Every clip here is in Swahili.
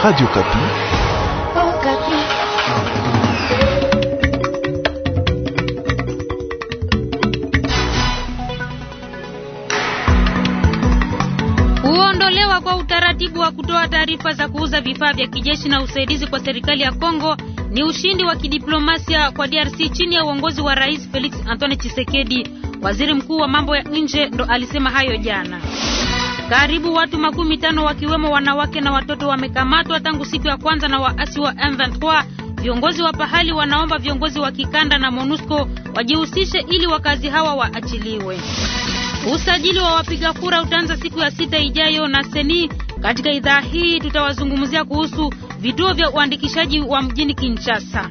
Radio Kapi. Oh, Kapi. Uondolewa kwa utaratibu wa kutoa taarifa za kuuza vifaa vya kijeshi na usaidizi kwa serikali ya Kongo ni ushindi wa kidiplomasia kwa DRC chini ya uongozi wa Rais Felix Antoine Tshisekedi. Waziri Mkuu wa mambo ya nje ndo alisema hayo jana. Karibu watu makumi tano wakiwemo wanawake na watoto wamekamatwa tangu siku ya kwanza na waasi wa M23. Viongozi wa pahali wanaomba viongozi wa kikanda na MONUSCO wajihusishe ili wakazi hawa waachiliwe. Usajili wa wapiga kura utaanza siku ya sita ijayo na seni. Katika idhaa hii tutawazungumzia kuhusu vituo vya uandikishaji wa mjini Kinshasa.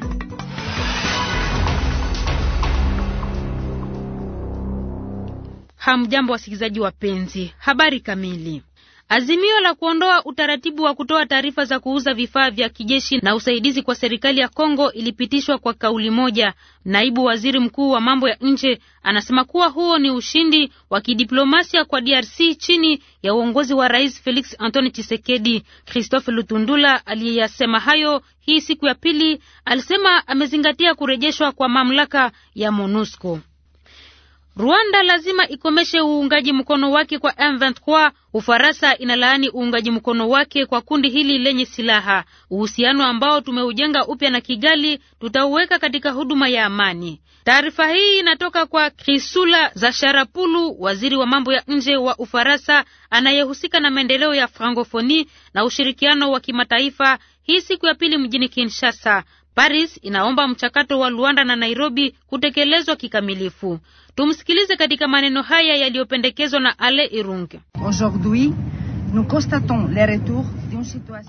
Hamjambo wasikilizaji wapenzi, habari kamili. Azimio la kuondoa utaratibu wa kutoa taarifa za kuuza vifaa vya kijeshi na usaidizi kwa serikali ya Kongo ilipitishwa kwa kauli moja. Naibu waziri mkuu wa mambo ya nje anasema kuwa huo ni ushindi wa kidiplomasia kwa DRC chini ya uongozi wa Rais Felix Antoine Tshisekedi. Christophe Lutundula aliyeyasema hayo hii siku ya pili, alisema amezingatia kurejeshwa kwa mamlaka ya MONUSCO. Rwanda lazima ikomeshe uungaji mkono wake kwa M23. Ufaransa inalaani uungaji mkono wake kwa kundi hili lenye silaha. Uhusiano ambao tumeujenga upya na Kigali tutauweka katika huduma ya amani. Taarifa hii inatoka kwa Krisula za Sharapulu, waziri wa mambo ya nje wa Ufaransa anayehusika na maendeleo ya Frankofoni na ushirikiano wa kimataifa, hii siku ya pili mjini Kinshasa. Paris inaomba mchakato wa Luanda na Nairobi kutekelezwa kikamilifu. Tumsikilize katika maneno haya yaliyopendekezwa na Ale Irunge.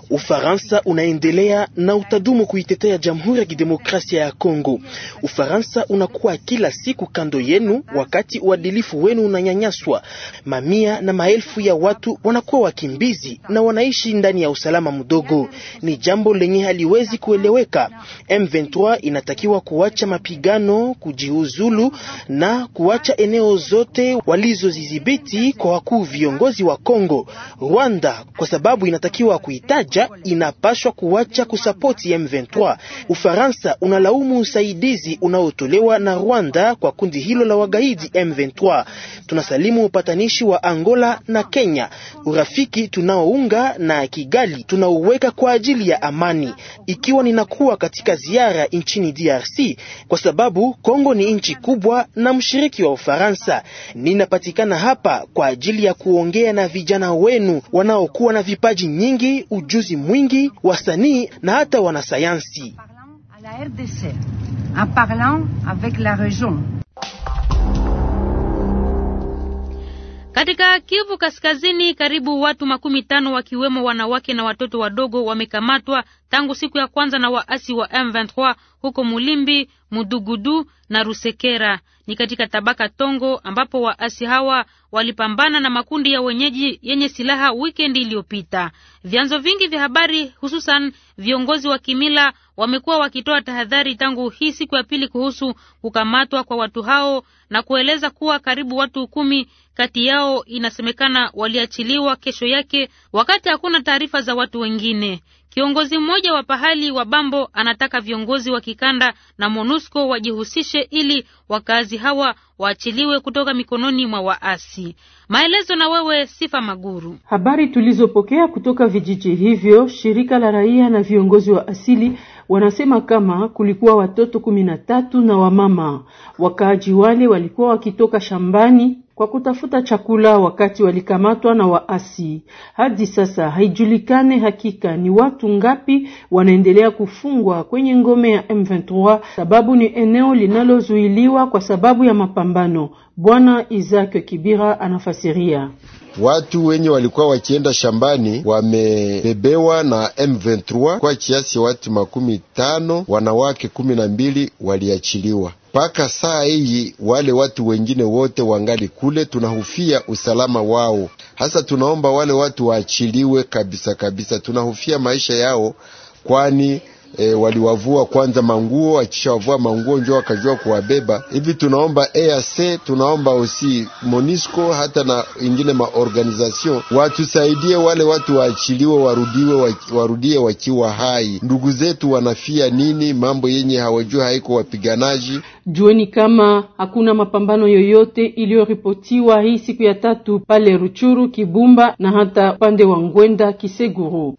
Ufaransa unaendelea na utadumu kuitetea Jamhuri ya Kidemokrasia ya Kongo. Ufaransa unakuwa kila siku kando yenu wakati uadilifu wenu unanyanyaswa. Mamia na maelfu ya watu wanakuwa wakimbizi na wanaishi ndani ya usalama mdogo. Ni jambo lenye haliwezi kueleweka. M23 inatakiwa kuacha mapigano, kujiuzulu na kuacha eneo zote walizozidhibiti kwa wakuu viongozi wa Kongo. Rwanda kwa sababu inatakiwa kuitaja, inapashwa kuacha kusapoti M23. Ufaransa unalaumu usaidizi unaotolewa na Rwanda kwa kundi hilo la wagaidi M23. Tunasalimu upatanishi wa Angola na Kenya, urafiki tunaounga na Kigali tunauweka kwa ajili ya amani. Ikiwa ninakuwa katika ziara nchini DRC kwa sababu Kongo ni nchi kubwa na mshiriki wa Ufaransa, ninapatikana hapa kwa ajili ya kuongea na vijana wenu wanaokuwa na vipaji nyingi, ujuzi mwingi, wasanii na hata wanasayansi. Katika Kivu Kaskazini, karibu watu makumi tano wakiwemo wanawake na watoto wadogo wamekamatwa tangu siku ya kwanza na waasi wa M23 huko Mulimbi, Mudugudu na Rusekera. Ni katika tabaka Tongo ambapo waasi hawa walipambana na makundi ya wenyeji yenye silaha wikendi iliyopita. Vyanzo vingi vya habari, hususan viongozi wa kimila, wamekuwa wakitoa tahadhari tangu hii siku ya pili kuhusu kukamatwa kwa watu hao na kueleza kuwa karibu watu kumi kati yao inasemekana waliachiliwa kesho yake, wakati hakuna taarifa za watu wengine. Kiongozi mmoja wa pahali wa Bambo anataka viongozi wa kikanda na MONUSCO wajihusishe ili wakazi hawa waachiliwe kutoka mikononi mwa waasi. Maelezo na wewe Sifa Maguru. Habari tulizopokea kutoka vijiji hivyo, shirika la raia na viongozi wa asili wanasema kama kulikuwa watoto kumi na tatu na wamama. Wakaaji wale walikuwa wakitoka shambani kwa kutafuta chakula wakati walikamatwa na waasi. Hadi sasa haijulikane hakika ni watu ngapi wanaendelea kufungwa kwenye ngome ya M23, sababu ni eneo linalozuiliwa kwa sababu ya mapambano. Bwana Isaac Kibira anafasiria. Watu wenye walikuwa wakienda shambani wamebebewa na M23 kwa kiasi watu makumi tano, wanawake kumi na mbili waliachiliwa. Mpaka saa hii wale watu wengine wote wangali kule, tunahufia usalama wao. Hasa tunaomba wale watu waachiliwe kabisa kabisa, tunahufia maisha yao, kwani e, waliwavua kwanza manguo, akishawavua manguo njo wakajua kuwabeba hivi. Tunaomba EAC, tunaomba osi Monisco hata na ingine maorganization watusaidie, wale watu waachiliwe, warudiwe, warudie wakiwa hai. Ndugu zetu wanafia nini? Mambo yenye hawajua haiko wapiganaji. Jueni kama hakuna mapambano yoyote iliyoripotiwa hii siku ya tatu pale Ruchuru, Kibumba na hata upande wa Ngwenda Kiseguru.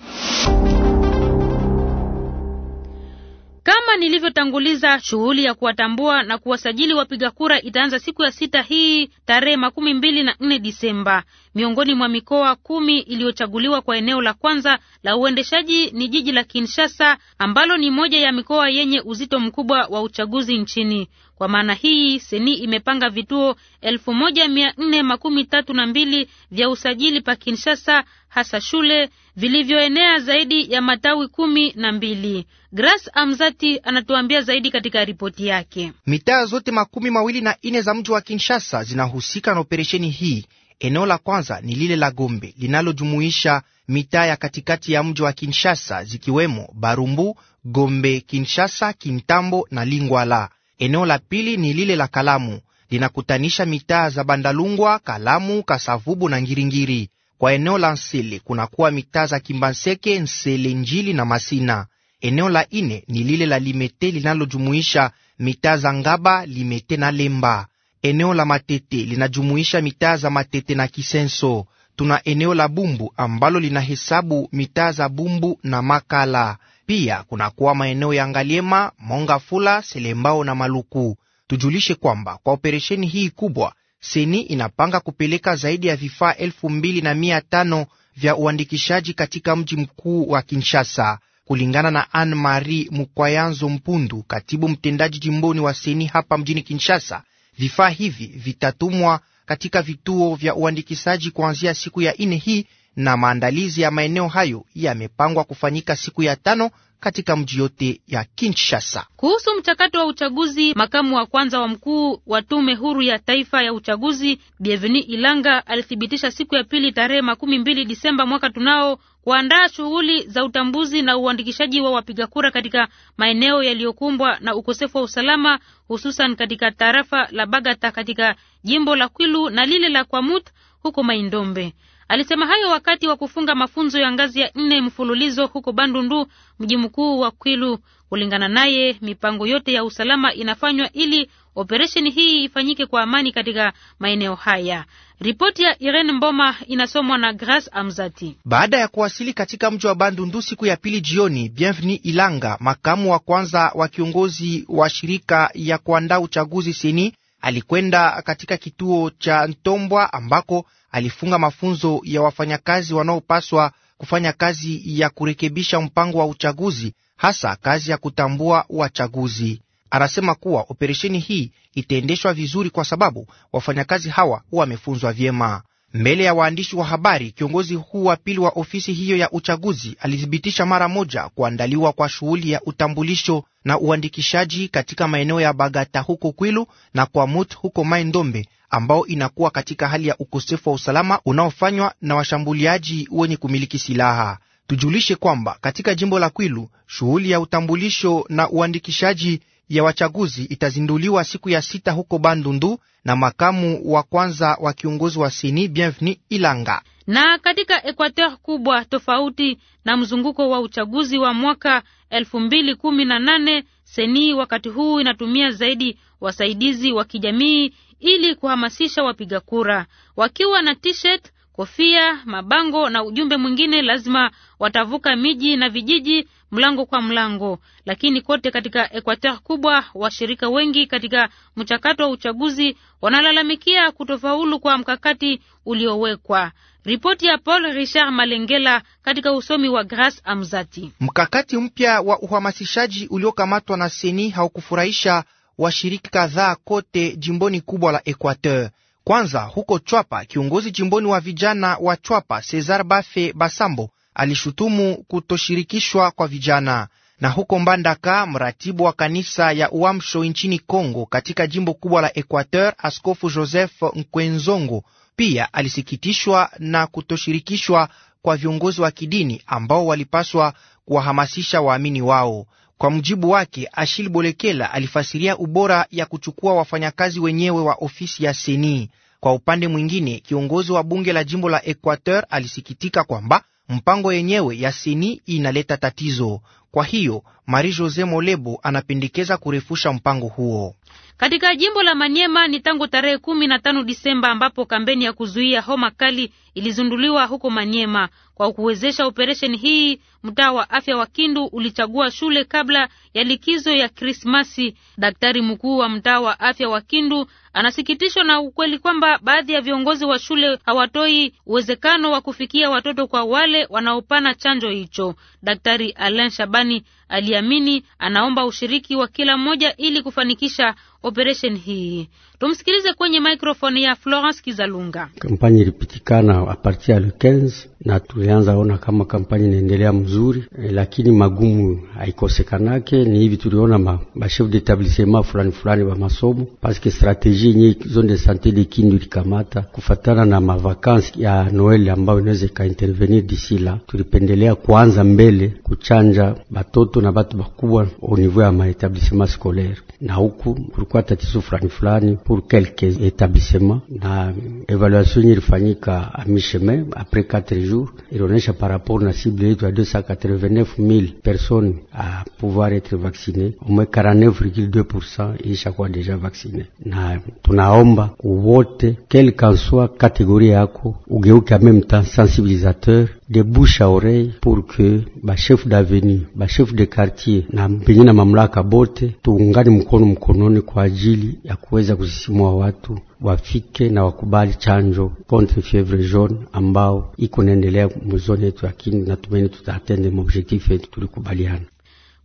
Kama nilivyotanguliza, shughuli ya kuwatambua na kuwasajili wapiga kura itaanza siku ya sita hii tarehe makumi mbili na nne Disemba. Miongoni mwa mikoa kumi iliyochaguliwa kwa eneo la kwanza la uendeshaji ni jiji la Kinshasa ambalo ni moja ya mikoa yenye uzito mkubwa wa uchaguzi nchini. Kwa maana hii Seni imepanga vituo elfu moja mia nne makumi tatu na mbili vya usajili pa Kinshasa, hasa shule vilivyoenea zaidi ya matawi kumi na mbili. Grace Amzati anatuambia zaidi katika ripoti yake. Mitaa zote makumi mawili na nne za mji wa Kinshasa zinahusika na operesheni hii. Eneo la kwanza ni lile la Gombe linalojumuisha mitaa ya katikati ya mji wa Kinshasa zikiwemo Barumbu, Gombe, Kinshasa, Kintambo na Lingwala. Eneo la pili ni lile la Kalamu, linakutanisha mitaa za Bandalungwa, Kalamu, Kasavubu na Ngiringiri. Kwa eneo la Nsele kunakuwa mitaa za Kimbanseke, Nsele, Njili na Masina. Eneo la ine ni lile la Limete linalojumuisha mitaa za Ngaba, Limete na Lemba. Eneo la Matete linajumuisha mitaa za Matete na Kisenso. Tuna eneo la Bumbu ambalo linahesabu mitaa za Bumbu na Makala. Pia kunakuwa maeneo ya Ngaliema, Mongafula, Selembao na Maluku. Tujulishe kwamba kwa operesheni hii kubwa Seni inapanga kupeleka zaidi ya vifaa elfu mbili na mia tano vya uandikishaji katika mji mkuu wa Kinshasa. Kulingana na Anne Marie Mukwayanzo Mpundu, katibu mtendaji jimboni wa Seni hapa mjini Kinshasa, vifaa hivi vitatumwa katika vituo vya uandikishaji kuanzia siku ya ine hii na maandalizi ya maeneo hayo yamepangwa kufanyika siku ya tano katika mji yote ya Kinshasa. Kuhusu mchakato wa uchaguzi, makamu wa kwanza wa mkuu wa tume huru ya taifa ya uchaguzi Bienvenu Ilanga alithibitisha siku ya pili tarehe makumi mbili Disemba mwaka tunao kuandaa shughuli za utambuzi na uandikishaji wa wapiga kura katika maeneo yaliyokumbwa na ukosefu wa usalama hususan katika tarafa la Bagata katika jimbo la Kwilu na lile la Kwamut huko Maindombe. Alisema hayo wakati wa kufunga mafunzo ya ngazi ya nne mfululizo huko Bandundu, mji mkuu wa Kwilu. Kulingana naye, mipango yote ya usalama inafanywa ili operesheni hii ifanyike kwa amani katika maeneo haya. Ripoti ya Irene Mboma inasomwa na Grace Amzati. Baada ya kuwasili katika mji wa Bandundu siku ya pili jioni, Bienvenu Ilanga, makamu wa kwanza wa kiongozi wa shirika ya kuandaa uchaguzi seni, alikwenda katika kituo cha Ntombwa ambako alifunga mafunzo ya wafanyakazi wanaopaswa kufanya kazi ya kurekebisha mpango wa uchaguzi, hasa kazi ya kutambua wachaguzi. Anasema kuwa operesheni hii itaendeshwa vizuri kwa sababu wafanyakazi hawa wamefunzwa vyema. Mbele ya waandishi wa habari, kiongozi huu wa pili wa ofisi hiyo ya uchaguzi alithibitisha mara moja kuandaliwa kwa shughuli ya utambulisho na uandikishaji katika maeneo ya Bagata huko Kwilu na kwa Mut huko maindombe ambao inakuwa katika hali ya ukosefu wa usalama unaofanywa na washambuliaji wenye kumiliki silaha. Tujulishe kwamba katika jimbo la Kwilu shughuli ya utambulisho na uandikishaji ya wachaguzi itazinduliwa siku ya sita huko Bandundu na makamu wa kwanza wa kiongozi wa Sini Bienvenu Ilanga na katika Equateur kubwa tofauti na mzunguko wa uchaguzi wa mwaka elfu mbili kumi na nane seni wakati huu inatumia zaidi wasaidizi wa kijamii ili kuhamasisha wapiga kura wakiwa na t-shirt kofia, mabango na ujumbe mwingine lazima watavuka miji na vijiji mlango kwa mlango. Lakini kote katika Ekwateur kubwa, washirika wengi katika mchakato wa uchaguzi wanalalamikia kutofaulu kwa mkakati uliowekwa. Ripoti ya Paul Richard Malengela katika usomi wa Grace Amzati. Mkakati mpya wa uhamasishaji uliokamatwa na Seni haukufurahisha washiriki kadhaa kote jimboni kubwa la Ekwateur. Kwanza huko Chwapa, kiongozi jimboni wa vijana wa Chwapa Cesar Bafe Basambo alishutumu kutoshirikishwa kwa vijana. Na huko Mbandaka, mratibu wa kanisa ya Uamsho nchini congo katika jimbo kubwa la Equateur, Askofu Joseph Nkwenzongo pia alisikitishwa na kutoshirikishwa kwa viongozi wa kidini ambao walipaswa kuwahamasisha waamini wao. Kwa mujibu wake, Ashil Bolekela alifasiria ubora ya kuchukua wafanyakazi wenyewe wa ofisi ya Seni. Kwa upande mwingine, kiongozi wa bunge la jimbo la Equateur alisikitika kwamba mpango yenyewe ya Seni inaleta tatizo. Kwa hiyo Marie Jose Molebo anapendekeza kurefusha mpango huo. Katika jimbo la Manyema ni tangu tarehe kumi na tano Disemba ambapo kampeni ya kuzuia homa kali ilizunduliwa huko Manyema. Kwa kuwezesha operesheni hii, mtaa wa afya wa Kindu ulichagua shule kabla ya likizo ya Krismasi. Daktari mkuu wa mtaa wa afya wa Kindu anasikitishwa na ukweli kwamba baadhi ya viongozi wa shule hawatoi uwezekano wa kufikia watoto kwa wale wanaopana chanjo hicho. Daktari Alain Shabani aliamini anaomba ushiriki wa kila mmoja ili kufanikisha operesheni hii. Tumsikilize kwenye mikrofoni ya Florence Kizalunga. kampanye ilipitikana apartir ya le 15 na tulianza ona kama kampanye inaendelea mzuri e, lakini magumu haikosekanake. Ni hivi tuliona ma, ba chef d'établissement fulani fulani ba masomo parce que strategie yenye zone de santé de Kindu ilikamata kufatana na mavakansi ya Noel ambayo inaweza ikaintervenir d'ici là, tulipendelea kuanza mbele kuchanja batoto na batu bakubwa au niveau ya maetablissements scolaire, na huku kulikuwa tatizo fulani fulani pour quelques établissements l'évaluation evaluation faite à mi-chemin après quatre jours, est par rapport à la cible de 289 000 personnes à pouvoir être vaccinées, au moins 49,2% déjà vaccinés. On a na ou wote, quelle qu'en soit catégorie à ou a même temps sensibilisateur de bouche à oreille pour que bashefu d'avenue, chef de quartier na mpenye na mamlaka bote tuungane mkono mkononi kwa ajili ya kuweza kusisimua watu wafike na wakubali chanjo contre fievre jaune ambao iko naendelea mzoni yetu, lakini natumaini tutaatende maobjektifu yetu tulikubaliana.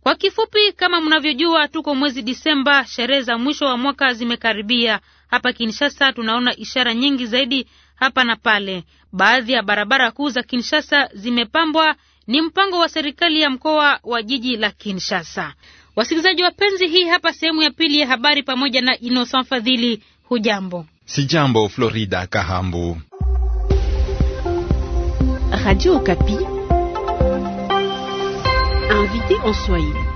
Kwa kifupi, kama mnavyojua, tuko mwezi Disemba, sherehe za mwisho wa mwaka zimekaribia. Hapa Kinshasa tunaona ishara nyingi zaidi hapa na pale. Baadhi ya barabara kuu za Kinshasa zimepambwa, ni mpango wa serikali ya mkoa wa jiji la Kinshasa. Wasikilizaji wapenzi, hii hapa sehemu ya pili ya habari pamoja na Innocent Fadhili. Hujambo, si jambo Florida Kahambu, Radio Okapi, invité en Swahili.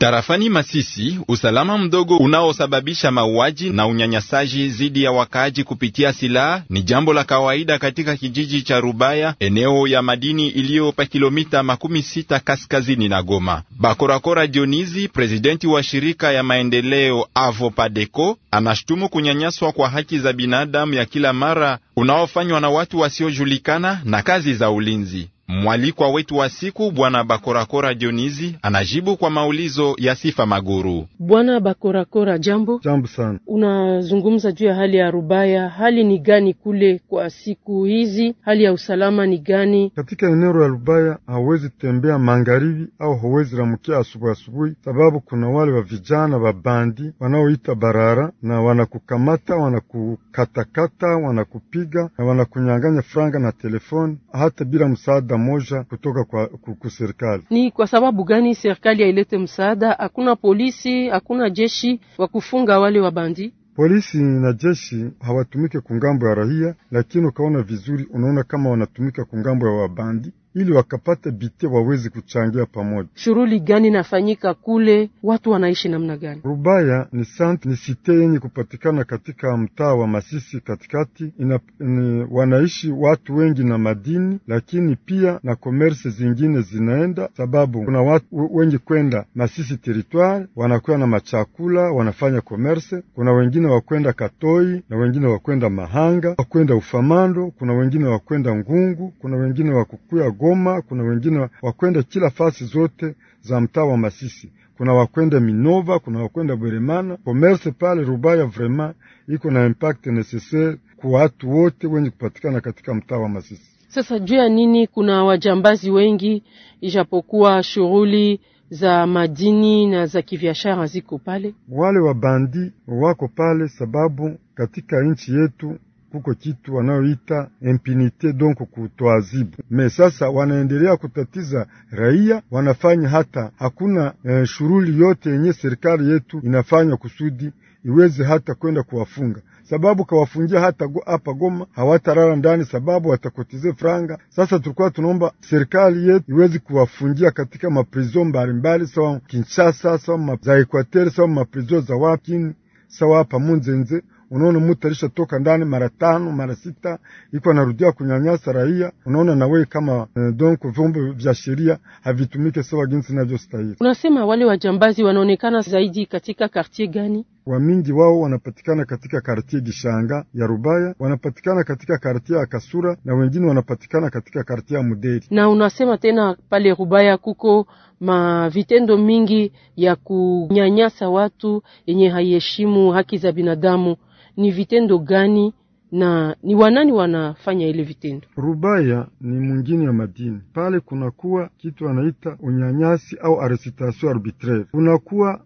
Tarafani Masisi, usalama mdogo unaosababisha mauaji na unyanyasaji dhidi ya wakaaji kupitia silaha ni jambo la kawaida katika kijiji cha Rubaya, eneo ya madini pa kilomita makumi sita kaskazini na Goma. Bakorakora Dionizi, prezidenti wa shirika ya maendeleo Avopadeco, anashutumu kunyanyaswa kwa haki za binadamu ya kila mara unaofanywa na watu wasiojulikana na kazi za ulinzi. Mwalikwa wetu wa siku Bwana Bakorakora Dionizi anajibu kwa maulizo ya Sifa Maguru. Bwana Bakorakora, jambo. Jambo sana. Unazungumza juu ya hali ya Rubaya, hali ni gani kule kwa siku hizi? Hali ya usalama ni gani katika eneo ya Rubaya? Hawezi tembea mangaribi au hawezi ramukia asubuhi asubuhi, sababu kuna wale wa vijana wa bandi wanaoita barara, na wanakukamata wanakukatakata, wanakupiga na wanakunyang'anya franga na telefoni hata bila msaada moja kutoka kwa kuserikali. Ni kwa sababu gani serikali ailete msaada? Hakuna polisi, hakuna jeshi wa kufunga wale wabandi. Polisi na jeshi hawatumike kungambo ya raia, lakini ukaona vizuri, unaona kama wanatumika kungambo ya wabandi ili wakapata bite waweze kuchangia pamoja. Shughuli gani nafanyika kule? Watu wanaishi namna gani? Rubaya ni sant, ni site yenye kupatikana katika mtaa wa Masisi katikati. Ina, ni, wanaishi watu wengi na madini, lakini pia na komerse zingine zinaenda, sababu kuna watu wengi kwenda Masisi territoire wanakuwa na machakula, wanafanya komerse. Kuna wengine wakwenda Katoi na wengine wakwenda Mahanga, wakwenda Ufamando, kuna wengine wakwenda Ngungu, kuna wengine wakukuya Goma, kuna wengine wakwenda kila fasi zote za mtaa wa Masisi, kuna wakwenda Minova, kuna wakwenda Bweremana. Commerce pale Rubaya vrema iko na impact necessaire kwa watu wote wenye kupatikana katika mtaa wa Masisi. Sasa juu ya nini kuna wajambazi wengi, ijapokuwa shughuli za madini na za kibiashara ziko pale? Wale wabandi wako pale sababu katika nchi yetu kuko kitu wanayoita impunite, donc kutoazibu. Me sasa wanaendelea kutatiza raia, wanafanya hata hakuna e, shuruli yote yenye serikali yetu inafanya kusudi iweze hata kwenda kuwafunga sababu kawafungia hata hapa Goma hawatarara ndani, sababu watakotize franga. Sasa tulikuwa tunaomba serikali yetu iwezi kuwafungia katika maprizo mbalimbali, sawa Kinshasa, sawa za Equateur, sawa maprizo za Wakini, sawa hapa Munzenze. Unaona mtu alishatoka ndani mara tano mara sita, iko anarudia kunyanyasa raia. Unaona na wewe kama uh, donc vyombo vya sheria havitumike sawa jinsi inavyostahili. Unasema wale wajambazi wanaonekana zaidi katika kartie gani? Wamingi wao wanapatikana katika kartie Gishanga ya Rubaya, wanapatikana katika kartie ya Kasura na wengine wanapatikana katika kartie ya Muderi. Na unasema tena pale Rubaya kuko mavitendo mingi ya kunyanyasa watu yenye haiheshimu haki za binadamu ni vitendo gani na ni wanani wanafanya ile vitendo. Rubaya ni mwingine ya madini pale, kunakuwa kitu anaita unyanyasi au arrestation arbitraire, kunakuwa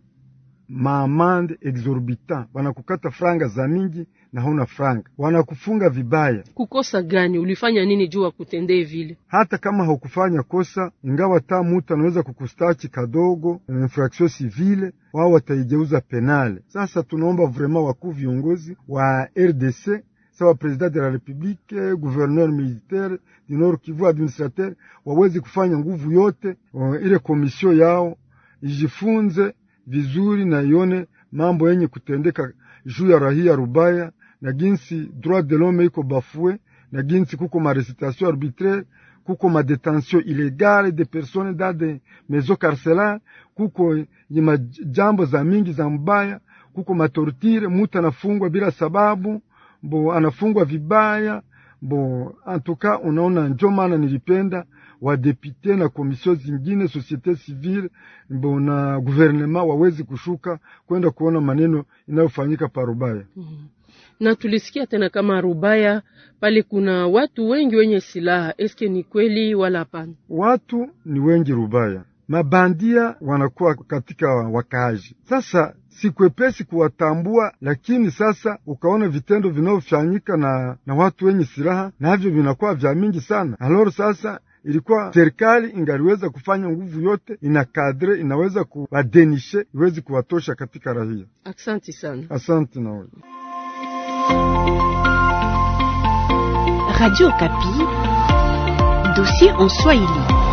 maamande exorbitant, wanakukata franga za mingi na huna franga, wanakufunga vibaya. Kukosa gani ulifanya nini juu wakutendee vile? Hata kama haukufanya kosa, ingawa ta mutu anaweza kukustachi kadogo eh, infraction civile, wao wataigeuza penale. Sasa tunaomba vrema wakuu viongozi wa RDC sawa president de la republique, gouverneur militaire du Nord Kivu, administrateur wawezi kufanya nguvu yote eh, ile komisio yao ijifunze vizuri na ione mambo yenye kutendeka juu ya rahia Rubaya na ginsi droit de l'homme iko bafue na ginsi kuko marecitation arbitraire kuko madetention illegale de persone da de maisons carcérales kuko majambo za mingi za mbaya, kuko matortire, mutu anafungwa bila sababu, bo anafungwa vibaya bo. Antuka unaona, njo maana nilipenda wadepite na komisio zingine societe civile na guvernema wawezi kushuka kwenda kuona maneno inayofanyika pa Rubaya. mm -hmm. Na tulisikia tena kama Rubaya pale kuna watu wengi wenye silaha, eske ni kweli wala hapana? Watu ni wengi Rubaya, mabandia wanakuwa katika wakaaji. Sasa si kwepesi kuwatambua, lakini sasa ukaona vitendo vinavyofanyika na, na watu wenye silaha navyo vinakuwa vya mingi sana. Alor, sasa ilikuwa serikali ingaliweza kufanya nguvu yote ina kadre inaweza kuwadenishe iwezi kuwatosha katika rahia. Asante sana, asante na wewe. Radio Kapi, dossier en Swahili.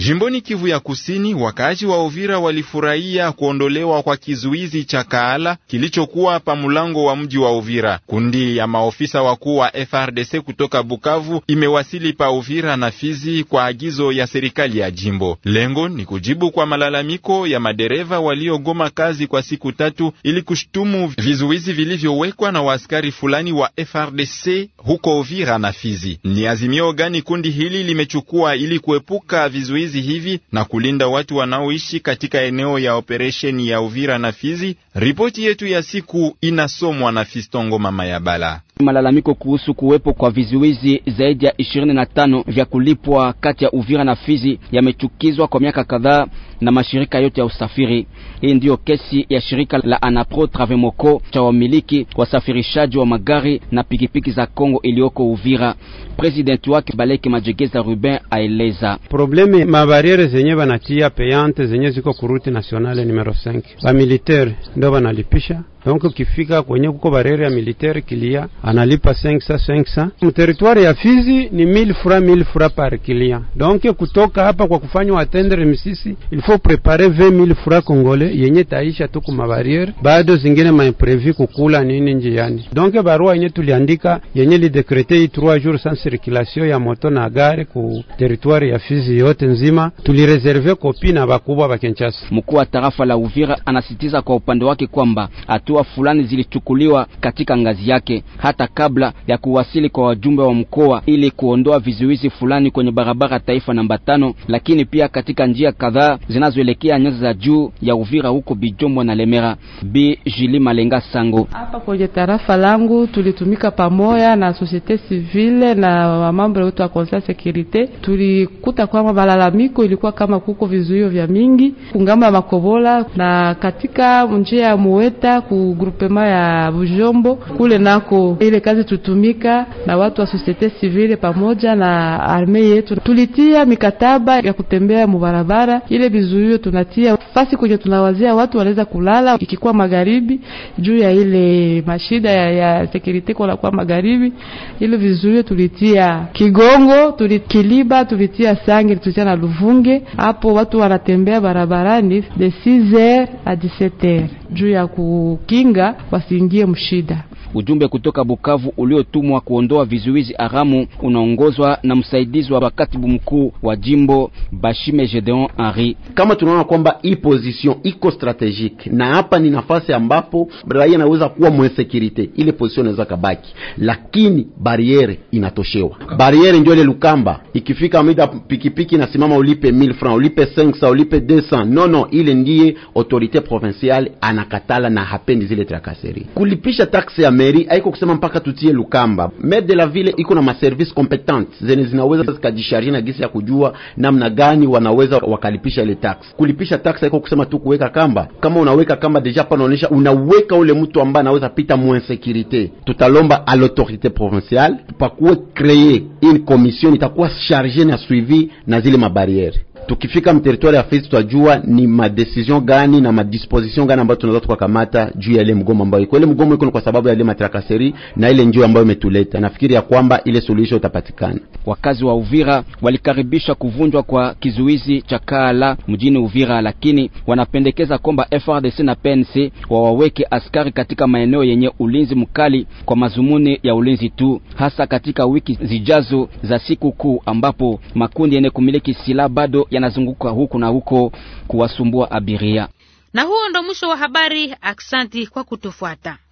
Jimboni Kivu ya Kusini, wakaaji wa Uvira walifurahia kuondolewa kwa kizuizi cha Kaala kilichokuwa pa mlango wa mji wa Uvira. Kundi ya maofisa wakuu wa FRDC kutoka Bukavu imewasili pa Uvira na Fizi kwa agizo ya serikali ya jimbo. Lengo ni kujibu kwa malalamiko ya madereva waliogoma kazi kwa siku tatu ili kushutumu vizuizi vilivyowekwa na waaskari fulani wa FRDC huko Uvira na Fizi. Ni azimio gani kundi hili limechukua ili kuepuka vizuizi vizuizi hivi na kulinda watu wanaoishi katika eneo ya operesheni ya Uvira na Fizi. Ripoti yetu ya siku inasomwa na Fistongo Mama ya Bala malalamiko kuhusu kuwepo kwa vizuizi zaidi ya ishirini na tano vya kulipwa kati ya Uvira na Fizi yamechukizwa kwa miaka kadhaa na mashirika yote ya usafiri. Hii ndiyo kesi ya shirika la Anapro Travemoco cha wamiliki wasafirishaji wa magari na pikipiki za Kongo iliyoko Uvira. Presidenti wake Baleki Majegeza Ruben aeleza probleme mabariere zenye banatia payante zenye ziko kuruti nationale numero 5 bamilitere ndio banalipisha donc ukifika kwenye kuko barere ya militaire kilia analipa 500 500. Mteritwari ya Fizi ni 1000 fra 1000 fra par kilia, donc kutoka hapa kwa kufanywa atendere misisi il faut preparer 20000 fra kongole yenye taisha tu kuma barriere, bado zingine ma imprévu kukula nini njiani. Donc barua yenye tuliandika yenye li decrete 3 jours sans circulation ya moto na gari ku territoire ya Fizi yote nzima, tulireserve kopi na bakubwa ba Kinshasa. Mkuu wa tarafa la Uvira anasitiza kwa upande wake kwamba atu hatua fulani zilichukuliwa katika ngazi yake hata kabla ya kuwasili kwa wajumbe wa mkoa ili kuondoa vizuizi fulani kwenye barabara taifa namba tano, lakini pia katika njia kadhaa zinazoelekea nyanza za juu ya Uvira huko Bijombo na Lemera. b Jili Malenga Sango: hapa kwenye tarafa langu tulitumika pamoja na societe civile na wamambo wetu wa conseil securite, tulikuta kwamba malalamiko ilikuwa kama kuko vizuio vya mingi kungamba ya Makobola na katika njia ya Muweta ku ku groupement ya Bujombo kule nako ile kazi tutumika na watu wa societe civile pamoja na arme yetu, tulitia mikataba ya kutembea mubarabara, ile vizuio tunatia fasi kwenye tunawazia watu wanaweza kulala ikikuwa magharibi, juu ya ile mashida ya, ya security kwa kwa magharibi. Ile vizuio tulitia Kigongo, tulikiliba, tulitia Sange, tulitia na Luvunge, hapo watu wanatembea barabarani de 6h a 17 h juu ya ku kinga wasiingie mshida. Ujumbe kutoka Bukavu uliotumwa kuondoa vizuizi haramu unaongozwa na msaidizi wa katibu mkuu wa jimbo Bashime Gedeon Henri. Kama tunaona kwamba hii position iko strategique na hapa ni nafasi ambapo raia anaweza kuwa mwe ile position inaweza kabaki, lakini bariere inatoshewa. Bariere ndio ile lukamba, ikifika mida pikipiki nasimama, ulipe 1000 francs, ulipe 500, ulipe 200. No, no, ile ndiye autorite provinciale anakatala na hapendi zile trakaseri kulipisha taksi ya meri haiko kusema mpaka tutie lukamba. Maire de la ville iko na maservice competente zenye zinaweza zikajisharge na gisi ya kujua namna gani wanaweza wakalipisha ile tax. Kulipisha tax haiko kusema tu kuweka kamba. Kama unaweka kamba deja naonesha unaweka ule mtu ambaye anaweza pita mu insécurité. Tutalomba à l'autorité provinciale pakuwe créer une commission itakuwa chargée na suivi na zile mabariere tukifika mteritori ya Fizi tutajua ni madesizion gani na madisposition gani ambayo tunaweza tukakamata juu ya ile mgomo ambayo iko. Ile mgomo iko kwa sababu ya ile matrakaseri na ile njio ambayo imetuleta. Nafikiri ya kwamba ile suluhisho itapatikana. Wakazi wa Uvira walikaribisha kuvunjwa kwa kizuizi cha Kala mjini Uvira, lakini wanapendekeza kwamba FRDC na PNC wawaweke askari katika maeneo yenye ulinzi mkali kwa mazumuni ya ulinzi tu, hasa katika wiki zijazo za siku kuu ambapo makundi yenye kumiliki silaha bado yanazunguka huku na huko kuwasumbua abiria. Na huo ndo mwisho wa habari. Aksanti kwa kutufuata.